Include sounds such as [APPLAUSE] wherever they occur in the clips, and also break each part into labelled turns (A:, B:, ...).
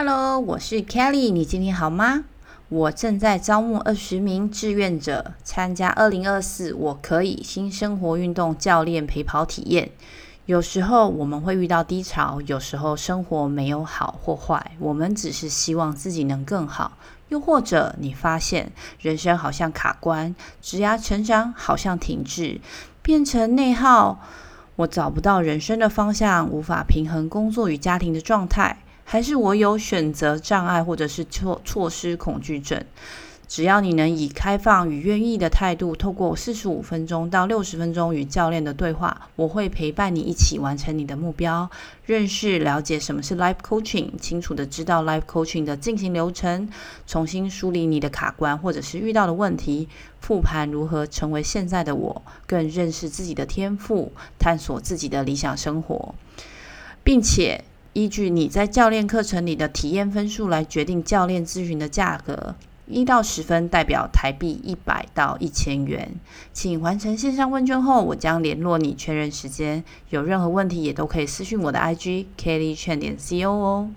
A: 哈嘍，我是 Kelly。你今天好嗎？我正在招募二十名志願者參加二零二四“我可以新生活”運動教練陪跑體驗。有時候我們會遇到低潮，有時候生活沒有好或壞，我們只是希望自己能更好。又或者你發現人生好像卡關，職業成長好像停滯，變成內耗。我找不到人生的方向，無法平衡工作與家庭的狀態。還是我有選擇障礙，或者是錯，錯失恐懼症？只要你能以開放與願意的態度，透過四十五分鐘到六十分鐘與教練的對話，我會陪伴你一起完成你的目標，認識了解什麼是 Life Coaching，清楚地知道 Life Coaching 的進行流程，重新梳理你的卡關或者是遇到的問題，復盤如何成為現在的我，更認識自己的天賦，探索自己的理想生活，並且。依據你在教練課程裡的體驗分數來決定教練諮詢的價格，一到十分代表台幣一百到一千元。請完成線上問卷後，我將聯絡你確認時間。有任何問題也都可以私訊我的 IG kellychen 點 co 哦。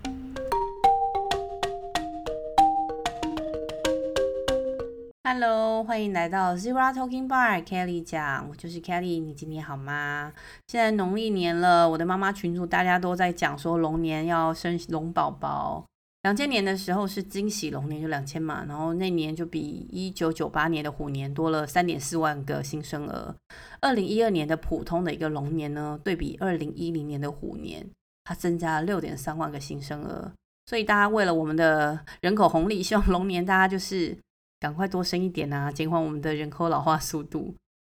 A: Hello，歡迎來到 Zero Talking Bar。Kelly 講，我就是 Kelly。你今天好嗎？現在農曆年了，我的媽媽群組大家都在講說，龍年要生龍寶寶。兩千年的時候是千禧龍年，就兩千嘛，然後那年就比一九九八年的虎年多了三點四萬個新生兒。二零一二年的普通的一個龍年呢，對比二零一零年的虎年，它增加了六點三萬個新生兒。所以大家為了我們的人口紅利，希望龍年大家就是。趕快多生一點啊，減緩我們的人口老化速度。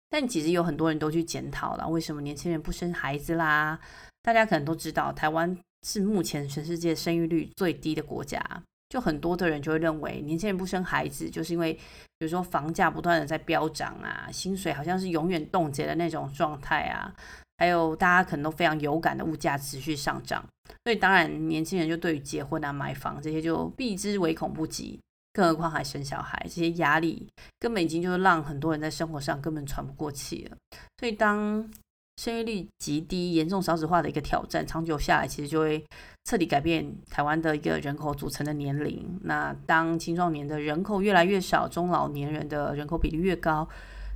A: 但其實有很多人都去檢討了，為什麼年輕人不生孩子啦？大家可能都知道，台灣是目前全世界生育率最低的國家，就很多的人就會認為，年輕人不生孩子，就是因為比如說房價不斷的在飆漲啊，薪水好像是永遠凍結的那種狀態啊，還有大家可能都非常有感的物價持續上漲，所以當然年輕人就對於結婚啊、買房這些就避之唯恐不及。更何況還生小孩，這些壓力根本已經就是讓很多人在生活上根本喘不過氣了。所以，當生育率極低、嚴重少子化的一個挑戰，長久下來，其實就會徹底改變台灣的一個人口組成的年齡。那當青壯年的人口越來越少，中老年人的人口比例越高，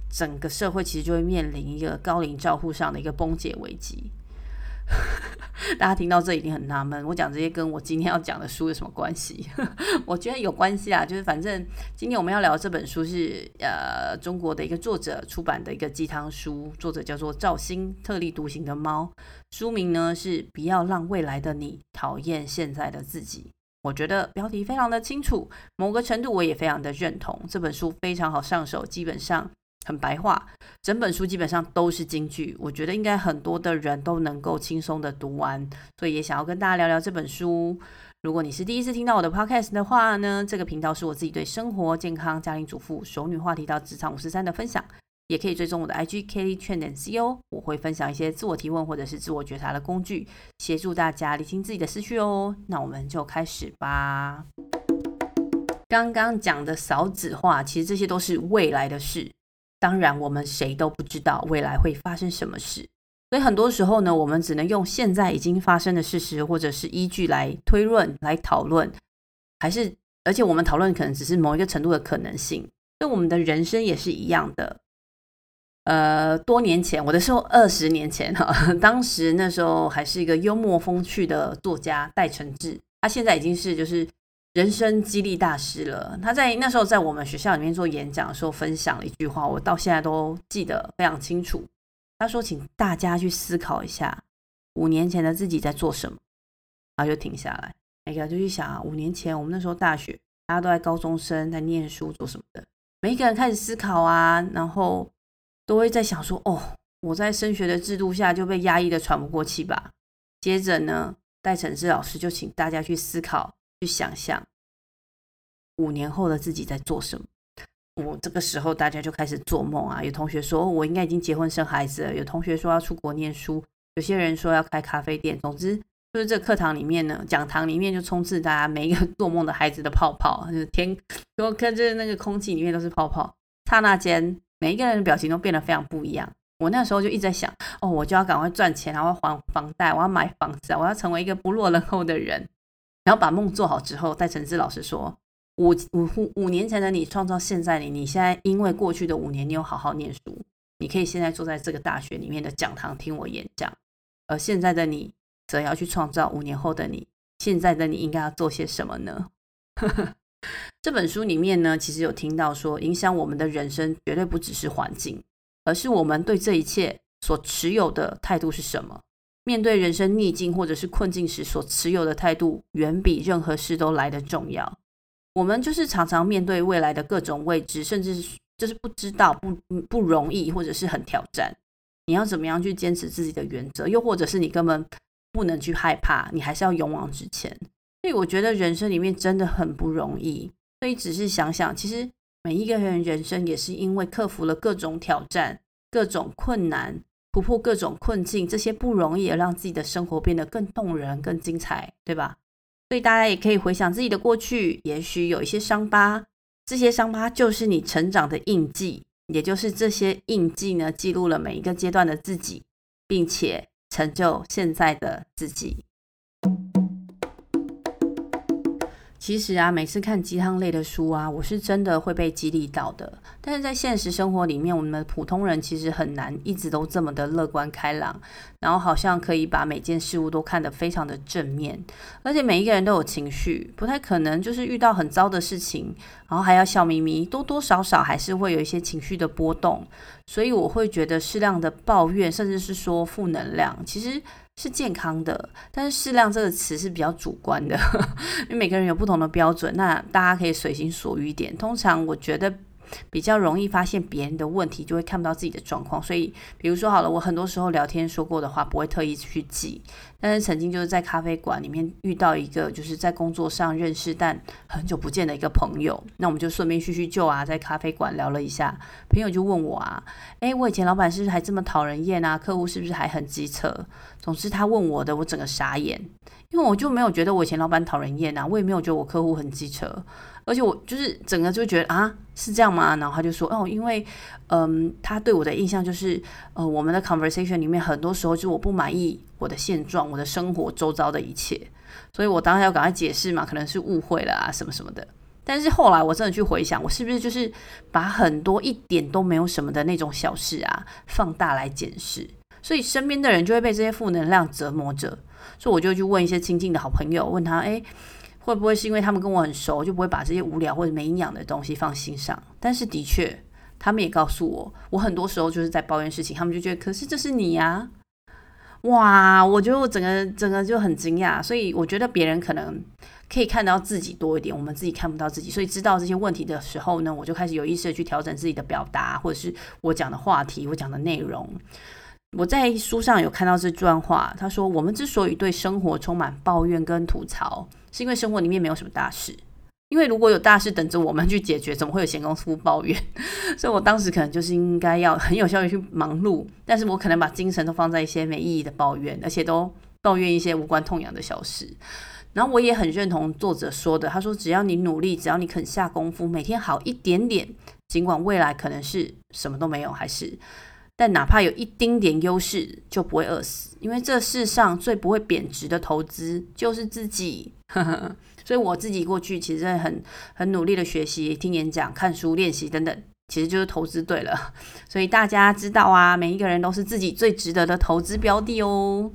A: 整個社會其實就會面臨一個高齡照護上的一個崩解危機。 [LAUGHS] 大家聽到這一定很納悶，我講這些跟我今天要講的書有什麼關係？ [LAUGHS] 我覺得有關係啊，就是反正今天我們要聊這本書是呃中國的一個作者出版的一個雞湯書，作者叫做趙星，《特立獨行的貓》，書名呢是“不要讓未來的你討厭現在的自己”。我覺得標題非常的清楚，某個程度我也非常的認同，這本書非常好上手，基本上。很白話，整本書基本上都是金句，我覺得應該很多的人都能夠輕鬆的讀完，所以也想要跟大家聊聊這本書。如果你是第一次聽到我的 podcast 的話呢，這個頻道是我自己對生活、健康、家庭主婦、熟女話題到職場五十三的分享，也可以追蹤我的 IG Kelly Chen 點 C O，我會分享一些自我提問或者是自我覺察的工具，協助大家理清自己的思緒哦。那我們就開始吧。剛剛講的少子化，其實這些都是未來的事。當然，我們誰都不知道未來會發生什麼事，所以很多時候呢，我們只能用現在已經發生的事實或者是依據來推論、來討論，還是而且我們討論可能只是某一個程度的可能性。所以我們的人生也是一樣的。呃，多年前，我的時候，二十年前啊，當時那時候還是一個幽默風趣的作家戴晨志，他現在已經是就是。人生激勵大師了，他在那時候在我們學校裡面做演講的時候，分享了一句話，我到現在都記得非常清楚。他說：“請大家去思考一下，五年前的自己在做什麼。”然後就停下來，每個人就去想啊，五年前我們那時候大學，大家都在高中生在念書做什麼的，每一個人開始思考啊，然後都會在想說：“哦，我在升學的制度下就被壓抑得喘不過氣吧。”接着呢，戴晨志老師就請大家去思考，去想象。五年後的自己在做什麼？我這個時候大家就開始做夢啊！有同學說我應該已經結婚生孩子了，有同學說要出國念書，有些人說要開咖啡店。總之，就是這課堂裡面呢，講堂裡面就充斥大家每一個做夢的孩子的泡泡，就是天，就跟着那個空氣裡面都是泡泡。剎那間，每一個人的表情都變得非常不一樣。我那時候就一直在想，哦，我就要趕快賺錢，我要還房貸，我要買房子啊，我要成為一個不落人後的人，然後把夢做好之後。戴承志老師說。五五五年前的你創造現在的你，你現在因為過去的五年你有好好念書，你可以現在坐在這個大學裡面的講堂聽我演講。而現在的你則要去創造五年後的你。現在的你應該要做些什麼呢？ [LAUGHS] 這本書裡面呢，其實有聽到說，影響我們的人生絕對不只是環境，而是我們對這一切所持有的態度是什麼。面對人生逆境或者是困境時所持有的態度，遠比任何事都來得重要。我們就是常常面對未來的各種未知，甚至是就是不知道，不不容易，或者是很挑戰。你要怎麼樣去堅持自己的原則？又或者是你根本不能去害怕，你還是要勇往直前。所以我覺得人生裡面真的很不容易。所以只是想想，其實每一個人人生也是因為克服了各種挑戰、各種困難、突破各種困境，這些不容易，而讓自己的生活變得更動人、更精彩，對吧？所以大家也可以回想自己的過去，也許有一些傷疤，這些傷疤就是你成長的印記，也就是這些印記呢，記錄了每一個階段的自己，並且成就現在的自己。其實啊，每次看雞湯類的書啊，我是真的會被激勵到的。但是在現實生活裡面，我們普通人其實很難一直都這麼的樂觀開朗，然後好像可以把每件事物都看得非常的正面。而且每一個人都有情緒，不太可能就是遇到很糟的事情。然後還要笑眯眯，多多少少還是會有一些情緒的波動，所以我會覺得適量的抱怨，甚至是說負能量，其實是健康的。但是“適量”這個詞是比較主觀的呵呵，因為每個人有不同的標準。那大家可以隨心所欲一點。通常我覺得。比較容易發現別人的問題，就會看不到自己的狀況。所以，比如說好了，我很多時候聊天說過的話不會特意去記，但是曾經就是在咖啡館裡面遇到一個，就是在工作上認識但很久不見的一個朋友。那我們就順便敘敘舊啊，在咖啡館聊了一下，朋友就問我啊，誒、欸，我以前老闆是不是還這麼討人厭啊？客戶是不是還很機車？總之他問我的，我整個傻眼，因為我就沒有覺得我以前老闆討人厭啊，我也沒有覺得我客戶很機車。而且我就是整個就覺得啊，是這樣嗎？然後他就說哦，因為，嗯，他對我的印象就是，呃，我們的 conversation 裡面很多時候就是我不滿意我的現狀，我的生活周遭的一切，所以我當然要趕快解釋嘛，可能是誤會了啊，什麼什麼的。但是後來我真的去回想，我是不是就是把很多一點都沒有什麼的那種小事啊，放大來解釋，所以身邊的人就會被這些負能量折磨着。所以我就去問一些親近的好朋友，問他，誒……’會不會是因為他們跟我很熟，就不會把這些無聊或者沒營養的東西放心上？但是的確，他們也告訴我，我很多時候就是在抱怨事情，他們就覺得，可是這是你呀、啊，哇！我覺得我整個整個就很驚訝，所以我覺得別人可能可以看到自己多一點，我們自己看不到自己，所以知道這些問題的時候呢，我就開始有意識的去調整自己的表達，或者是我講的話題，我講的內容。我在書上有看到這段話，他說：“我們之所以對生活充滿抱怨跟吐槽，是因為生活裡面沒有什麼大事。因為如果有大事等着我們去解決，怎麼會有閒工夫抱怨？ [LAUGHS] 所以我當時可能就是應該要很有效率去忙碌，但是我可能把精神都放在一些沒意義的抱怨，而且都抱怨一些無關痛癢的小事。然後我也很認同作者說的，他說：只要你努力，只要你肯下功夫，每天好一點點，儘管未來可能是什麼都沒有，還是。”但哪怕有一丁點優勢，就不會餓死，因為這世上最不會貶值的投資就是自己。 [LAUGHS] 所以我自己過去其實很很努力的學習、聽演講、看書、練習等等，其實就是投資對了。所以大家知道啊，每一個人都是自己最值得的投資標的哦。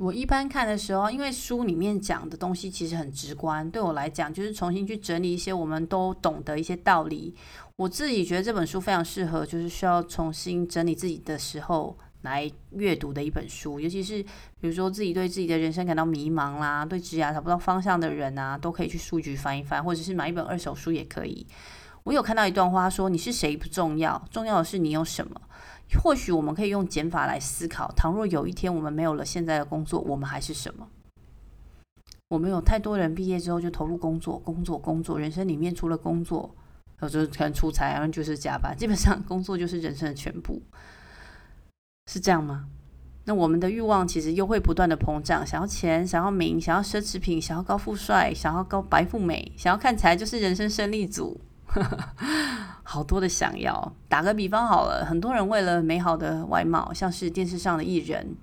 A: 我一般看的時候，因為書裡面講的東西其實很直觀，對我來講就是重新去整理一些我們都懂得一些道理。我自己覺得這本書非常適合，就是需要重新整理自己的時候來閱讀的一本書。尤其是比如說自己對自己的人生感到迷茫啦、啊，對職涯找不到方向的人啊，都可以去書局翻一翻，或者是買一本二手書也可以。我有看到一段話說：“你是誰不重要，重要的是你有什麼。”或許我們可以用減法來思考：倘若有一天我們沒有了現在的工作，我們還是什麼？我們有太多人畢業之後就投入工作，工作，工作，人生裡面除了工作，然後就是全出差，然後就是加班，基本上工作就是人生的全部。是這樣嗎？那我們的欲望其實又會不斷的膨脹，想要錢，想要名，想要奢侈品，想要高富帥，想要高白富美，想要看起來就是人生勝利組。 [LAUGHS] 好多的想要，打個比方好了，很多人為了美好的外貌，像是電視上的藝人，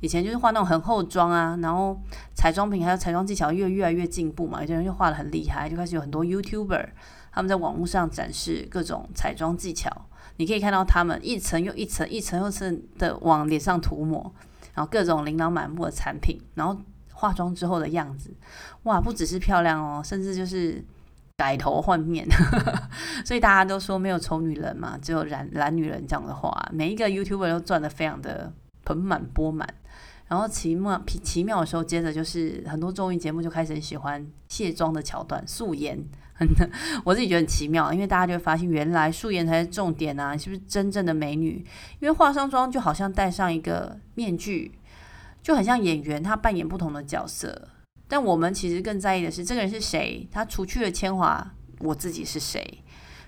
A: 以前就是化那種很厚妝啊，然後彩妝品還有彩妝技巧越越來越進步嘛，有些人就化得很厲害，就開始有很多 YouTuber 他們在網絡上展示各種彩妝技巧，你可以看到他們一層又一層，一層又一層的往臉上塗抹，然後各種琳琅滿目的產品，然後化妝之後的樣子，哇，不只是漂亮哦，甚至就是。改頭換面， [LAUGHS] 所以大家都說沒有醜女人嘛，只有懶懶女人這樣的話。每一個 YouTuber 都賺得非常的盆滿缽滿。然後奇妙，奇，奇妙的時候，接着就是很多綜藝節目就開始喜歡卸妝的橋段，素顏。 [LAUGHS] 我自己覺得很奇妙，因為大家就會發現，原來素顏才是重點啊！是不是真正的美女？因為化上妝就好像戴上一個面具，就很像演員，他扮演不同的角色。但我們其實更在意的是這個人是誰？他除去了鉛華，我自己是誰？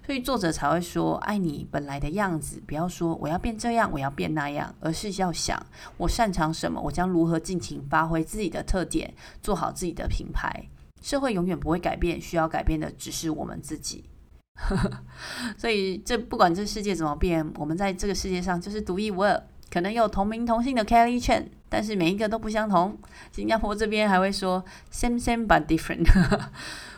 A: 所以作者才會說：愛你本來的樣子，不要說我要變這樣，我要變那樣，而是要想我擅長什麼，我將如何盡情發揮自己的特點，做好自己的品牌。社會永遠不會改變，需要改變的只是我們自己。 [LAUGHS] 所以這，這不管這世界怎麼變，我們在這個世界上就是獨一無二。可能有同名同姓的 Kelly Chen，但是每一個都不相同。新加坡這邊還會說 Same same but different。 [LAUGHS]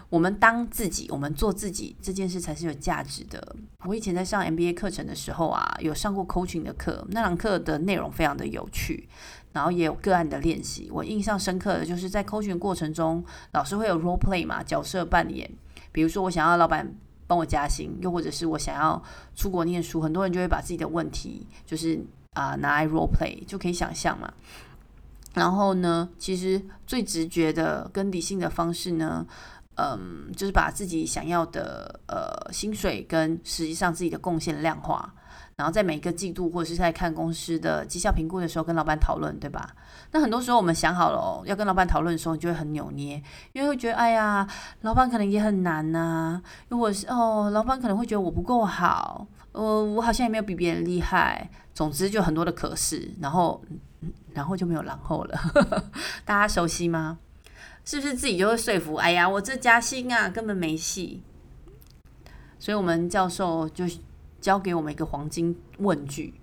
A: 我們當自己，我們做自己這件事才是有價值的。我以前在上 MBA 課程的時候啊，有上過 Coaching 的課，那堂課的內容非常的有趣，然後也有個案的練習。我印象深刻的，就是在 Coaching 的過程中，老師會有 Role Play 嘛，角色扮演。比如說，我想要老板幫我加薪，又或者是我想要出國念書，很多人就會把自己的問題就是。啊，拿來 role play 就可以想象嘛。然後呢，其實最直覺的跟理性的方式呢，嗯，就是把自己想要的呃薪水跟實際上自己的貢獻量化，然後在每一個季度或者是在看公司的績效評估的時候跟老板討論，對吧？那很多時候我們想好了、哦、要跟老板討論的時候，就會很扭捏，因為會覺得哎呀，老板可能也很難吶、啊，如果是哦，老板可能會覺得我不夠好。我、哦、我好像也沒有比別人厲害，總之就很多的可是，然後、嗯、然後就沒有然後了。 [LAUGHS] 大家熟悉嗎？是不是自己就會說服？哎呀，我這加薪啊根本沒戲。所以，我們教授就教給我們一個黃金問句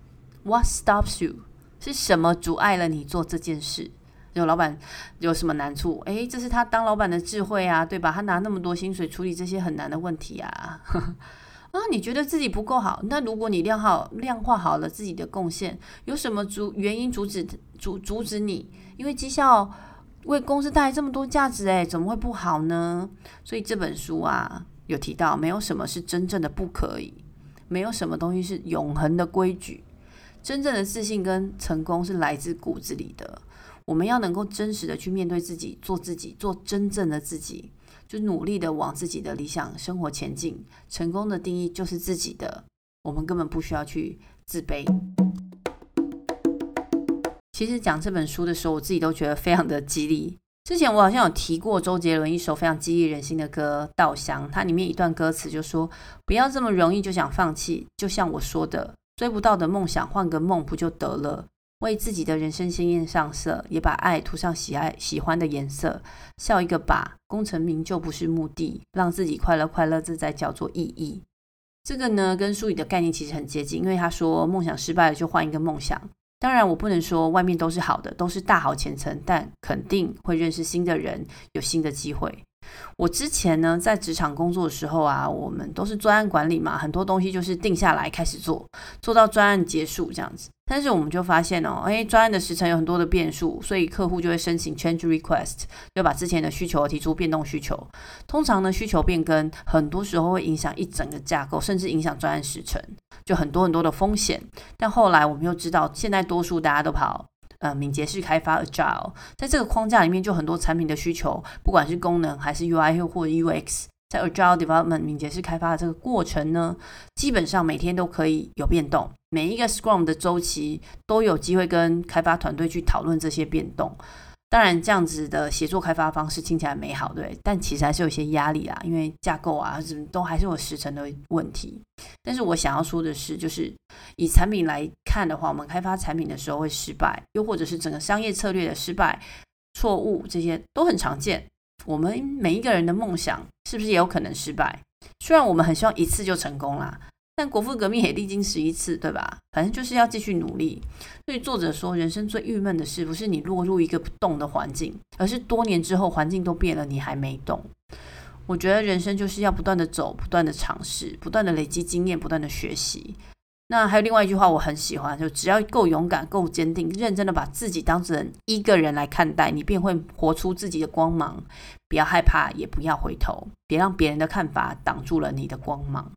A: ：What stops you？是什麼阻礙了你做這件事？有老板有什麼難處？哎，這是他當老板的智慧啊，對吧？他拿那麼多薪水處理這些很難的問題啊。 [LAUGHS] 啊，你覺得自己不夠好？那如果你量好、量化好了自己的貢獻，有什麼阻原因阻止阻阻止你？因為績效為公司帶來這麼多價值，哎，怎麼會不好呢？所以這本書啊，有提到，沒有什麼是真正的不可以，沒有什麼東西是永恆的規矩。真正的自信跟成功是來自骨子裡的。我們要能夠真實的去面對自己，做自己，做真正的自己。就努力的往自己的理想生活前進，成功的定義就是自己的，我們根本不需要去自卑。其實講這本書的時候，我自己都覺得非常的激勵。之前我好像有提過周杰倫一首非常激勵人心的歌《稻香》，它裡面一段歌詞就說：“不要這麼容易就想放棄，就像我說的，追不到的夢想，換個夢不就得了？”為自己的人生鮮豔上色，也把愛塗上喜愛喜歡的顏色，笑一個吧。功成名就不是目的，讓自己快樂快樂，這才叫做意義。這個呢，跟書裡的概念其實很接近，因為他說夢想失敗了就換一個夢想。當然，我不能說外面都是好的，都是大好前程，但肯定會認識新的人，有新的機會。我之前呢，在職場工作的時候啊，我們都是專案管理嘛，很多東西就是定下來開始做，做到專案結束這樣子。但是我們就發現哦，哎，專案的時程有很多的變數，所以客戶就會申請 change request，就把之前的需求提出變動需求。通常呢，需求變更很多時候會影響一整個架構，甚至影響專案時程，就很多很多的風險。但後來我們又知道，現在多數大家都跑。呃、嗯，敏捷式開發 （Agile） 在這個框架裡面，就很多產品的需求，不管是功能還是 UI 或是 UX，在 Agile Development 敏捷式開發的這個過程呢，基本上每天都可以有變動，每一個 Scrum 的週期都有機會跟開發團隊去討論這些變動。當然，這樣子的協作開發方式聽起來美好，對，但其實還是有些壓力啊。因為架構啊什麼，都還是有時程的問題。但是我想要說的是，就是以產品來看的話，我們開發產品的時候會失敗，又或者是整個商業策略的失敗、錯誤，這些都很常見。我們每一個人的夢想，是不是也有可能失敗？雖然我們很希望一次就成功啦。但國父革命也歷經十一次，對吧？反正就是要繼續努力。對於作者說，人生最鬱悶的事不是你落入一個不動的環境，而是多年之後環境都變了，你還沒動。我覺得人生就是要不斷的走，不斷的嘗試，不斷的累積經驗，不斷的學習。那還有另外一句話我很喜歡，就只要夠勇敢、夠堅定、認真的把自己當成一個人來看待，你便會活出自己的光芒。不要害怕，也不要回頭，別讓別人的看法擋住了你的光芒。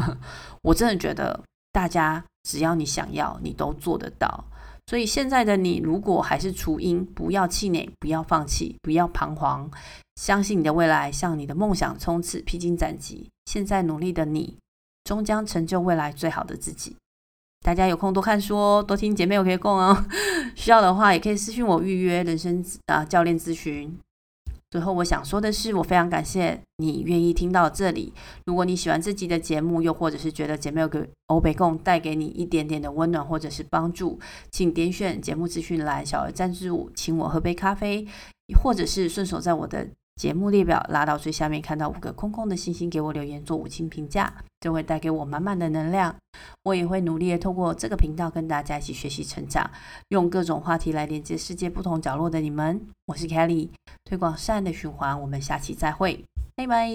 A: [LAUGHS] 我真的覺得，大家只要你想要，你都做得到。所以現在的你，如果還是雛鷹，不要氣餒，不要放棄，不要彷徨，相信你的未來，向你的夢想衝刺，披荊斬棘。現在努力的你，終將成就未來最好的自己。大家有空多看書哦，多聽姐妹我可以供哦。需要的話也可以私訊我預約人生啊教練諮詢。最後，我想說的是，我非常感謝你願意聽到這裡。如果你喜歡這集的節目，又或者是覺得節目有給歐北共帶給你一點點的溫暖或者是幫助，請點選節目資訊欄小額贊助，請我喝杯咖啡，或者是順手在我的。節目列表拉到最下面，看到五個空空的星星，給我留言做五星評價，就會帶給我滿滿的能量。我也會努力的通過這個頻道跟大家一起學習成長，用各種話題來連接世界不同角落的你們。我是 Kelly，推廣善的循環。我們下期再會，拜拜。